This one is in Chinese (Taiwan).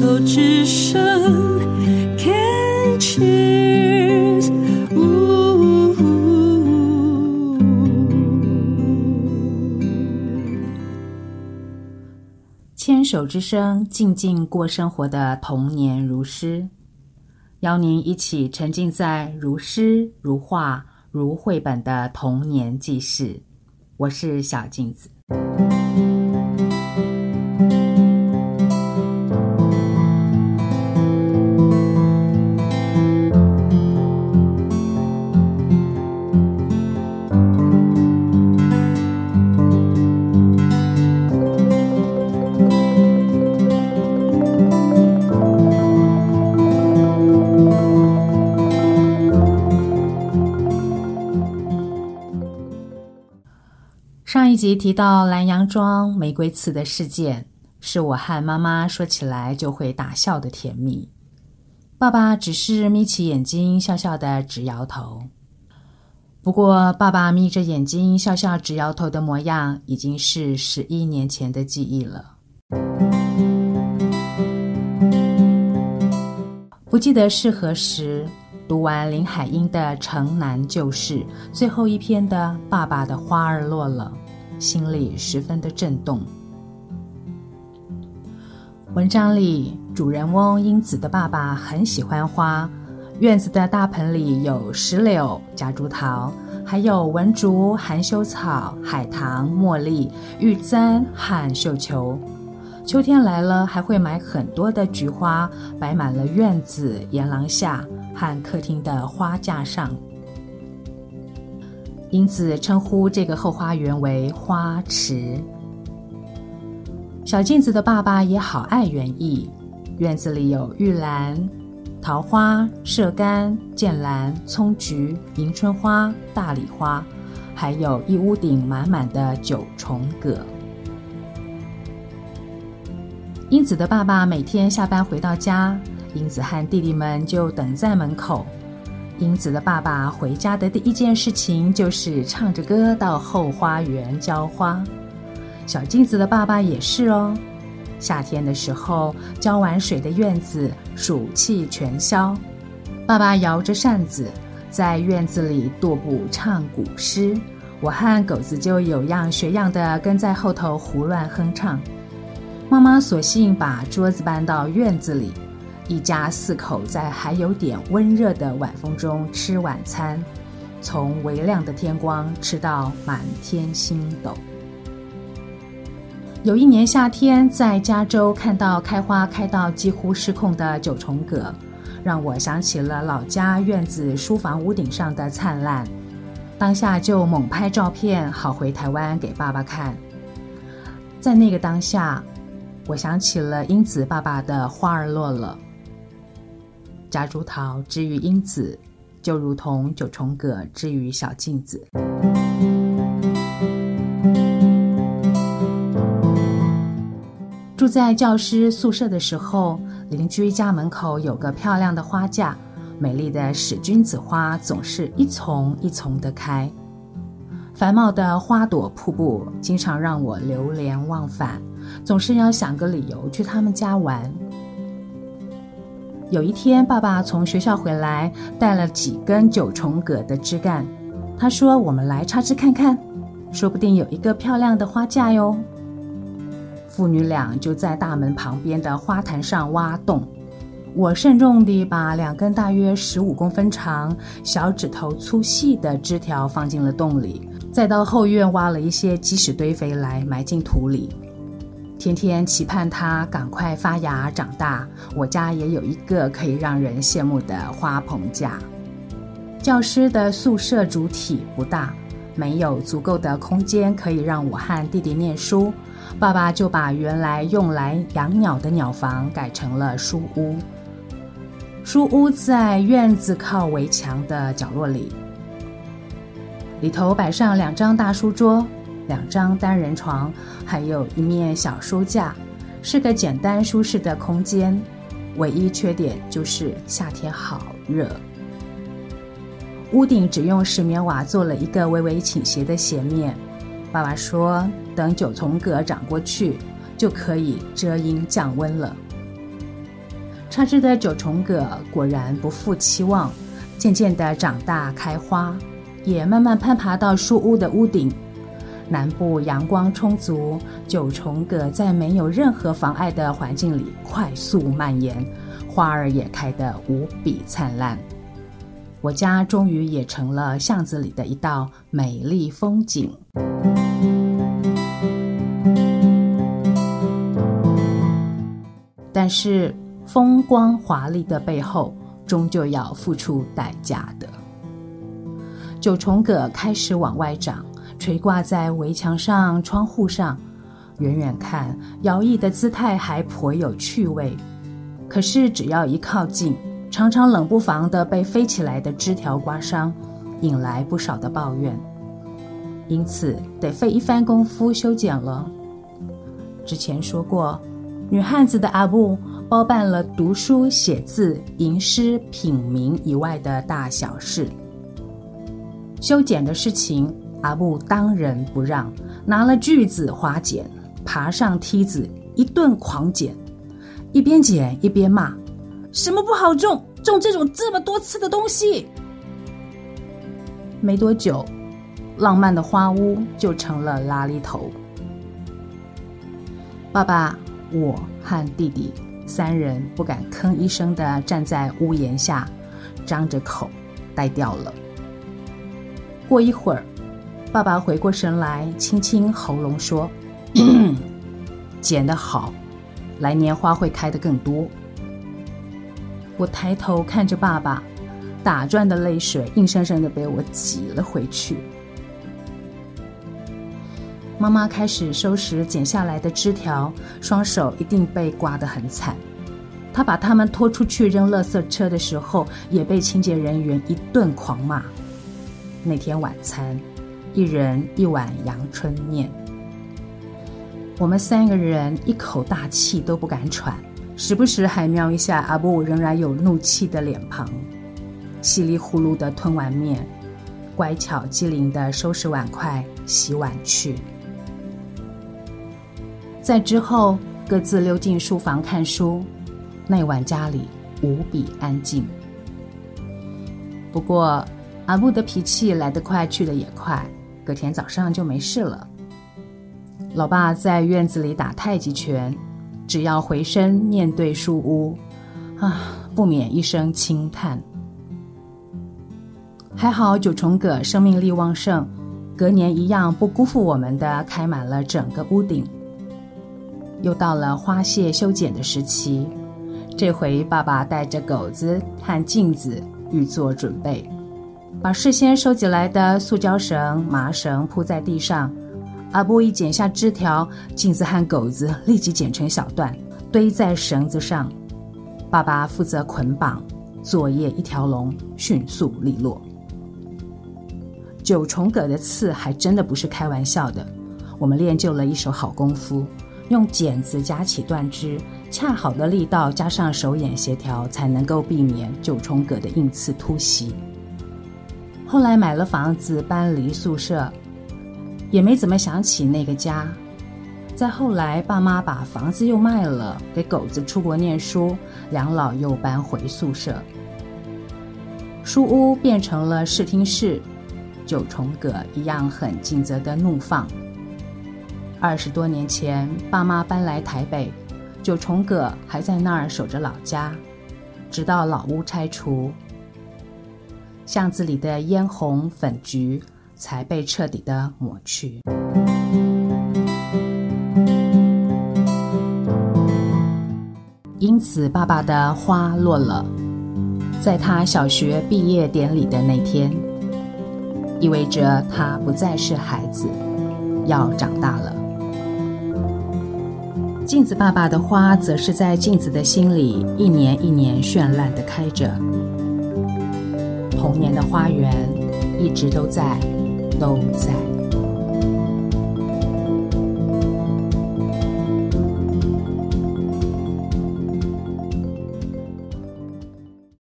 手之聲牽手之聲，靜靜過生活的童年如詩，邀您一起沉浸在如詩如畫如繪本的童年紀事。我是小靜子。上一集提到藍洋莊玫瑰刺的事件，是我和媽媽說起來就會大笑的甜蜜。爸爸只是眯起眼睛，笑笑的直搖頭。不過，爸爸眯着眼睛笑笑直搖頭的模樣，已經是十一年前的記憶了。不記得是何時讀完林海音的《城南舊事》，最後一篇的《爸爸的花兒落了》。心裡十分的震動。文章裡，主人翁英子的爸爸很喜歡花，院子的大盆裡有石榴、夾竹桃，還有文竹、含羞草、海棠、茉莉、玉簪和繡球。秋天來了，還會買很多的菊花，擺滿了院子、簷廊下和客廳的花架上。英子稱呼這個後花園為花池。小靜子的爸爸也好愛園藝，院子裡有玉蘭、桃花、射干、劍蘭、蔥菊、迎春花、大麗花，還有一屋頂滿滿的九重葛。英子的爸爸每天下班回到家，英子和弟弟們就等在門口。英子的爸爸回家的第一件事情就是唱着歌到後花園澆花。小靜子的爸爸也是哦。夏天的時候，澆完水的院子暑氣全消，爸爸搖着扇子在院子裡踱步唱古詩。我和狗子就有樣學樣的跟在後頭胡亂哼唱。媽媽索性把桌子搬到院子裡。一家四口在還有點溫熱的晚風中吃晚餐，從微亮的天光吃到滿天星斗。有一年夏天在加州看到開花開到幾乎失控的九重葛，讓我想起了老家院子書房屋頂上的燦爛，當下就猛拍照片，好回台灣給爸爸看。在那個當下，我想起了英子爸爸的花兒落了。夾竹桃之於英子，就如同九重葛之於小鏡子。住在教師宿舍的時候，鄰居家門口有個漂亮的花架，美麗的使君子花總是一叢一叢的開，繁茂的花朵瀑布經常讓我流連忘返，總是要想個理由去他們家玩。有一天，爸爸從學校回來，帶了幾根九重葛的枝幹。他說：“我們來插枝看看，說不定有一個漂亮的花架喲。”父女倆就在大門旁邊的花壇上挖洞。我慎重地把兩根大約十五公分長、小指頭粗細的枝條放進了洞裡，再到後院挖了一些雞屎堆肥來埋進土裡。天天期盼它趕快發芽長大。我家也有一個可以讓人羨慕的花棚架。教師的宿舍主體不大，沒有足夠的空間可以讓我和弟弟念書，爸爸就把原來用來養鳥的鳥房改成了書屋。書屋在院子靠圍牆的角落裡，裡頭擺上兩張大書桌。兩張單人床，還有一面小書架，是個簡單舒適的空間。唯一缺點就是夏天好熱。屋頂只用石棉瓦做了一個微微傾斜的斜面。爸爸說，等九重葛長過去，就可以遮陰降溫了。插枝的九重葛果然不負期望，漸漸地長大開花，也慢慢攀爬到書屋的屋頂。南部陽光充足，九重葛在沒有任何妨礙的環境裡快速蔓延，花兒也開得無比燦爛。我家終於也成了巷子裡的一道美麗風景。但是風光華麗的背後，終究要付出代價的。九重葛開始往外長。垂掛在圍牆上、窗戶上，遠遠看搖曳的姿態還頗有趣味，可是只要一靠近，常常冷不防的被飛起來的枝條刮傷，引來不少的抱怨，因此得費一番功夫修剪了。之前說過，女漢子的阿布包辦了讀書、寫字、吟詩、品茗以外的大小事，修剪的事情。阿布當仁不讓，拿了鋸子劃剪，爬上梯子一頓狂剪，一邊剪一,一邊罵：“什麼不好種種這種這麼多刺的東西！”沒多久，浪漫的花屋就成了拉裡頭。爸爸、我和弟弟三人不敢吭一聲的站在屋檐下，張着口呆掉了。過一會兒。爸爸回過神來，清清喉嚨說：“剪得好，來年花會開得更多。”我抬頭看着爸爸，打轉的淚水硬生生地被我擠了回去。媽媽開始收拾剪下來的枝條，雙手一定被刮得很慘。她把它們拖出去扔垃圾車的時候，也被清潔人員一頓狂罵。那天晚餐。一人一碗陽春麵，我們三個人一口大氣都不敢喘，時不時還瞄一下阿布仍然有怒氣的臉龐，稀里呼嚕的吞完麵，乖巧機靈的收拾碗筷洗碗去，在之後各自溜進書房看書。那晚家裡無比安靜，不過阿布的脾氣來得快，去得也快。隔天早上就沒事了。老爸在院子裡打太極拳，只要回身面對樹屋，啊，不免一聲輕嘆。還好九重葛生命力旺盛，隔年一樣不辜負我們的，開滿了整個屋頂。又到了花謝修剪的時期，這回爸爸帶着狗子和鏡子，預做準備。把事先收集來的塑膠繩、麻繩鋪在地上，阿波一剪下枝條，靜子和狗子立即剪成小段，堆在繩子上。爸爸負責捆綁，作業一條龍，迅速利落。九重葛的刺還真的不是開玩笑的，我們練就了一手好功夫，用剪子夾起斷枝，恰好的力道加上手眼協調，才能夠避免九重葛的硬刺突襲。後來買了房子，搬離宿舍，也沒怎麼想起那個家。再後來，爸媽把房子又賣了，給狗子出國念書，兩老又搬回宿舍，書屋變成了視聽室。九重葛一樣很盡責的怒放。二十多年前，爸媽搬來台北，九重葛還在那兒守着老家，直到老屋拆除。巷子裡的嫣紅、粉橘，才被徹底的抹去。因此，爸爸的花落了，在他小學畢業典禮的那天，意味着他不再是孩子，要長大了。靜子爸爸的花，則是在靜子的心裡一年一年絢爛的開着。童年的花園，一直都在，都在。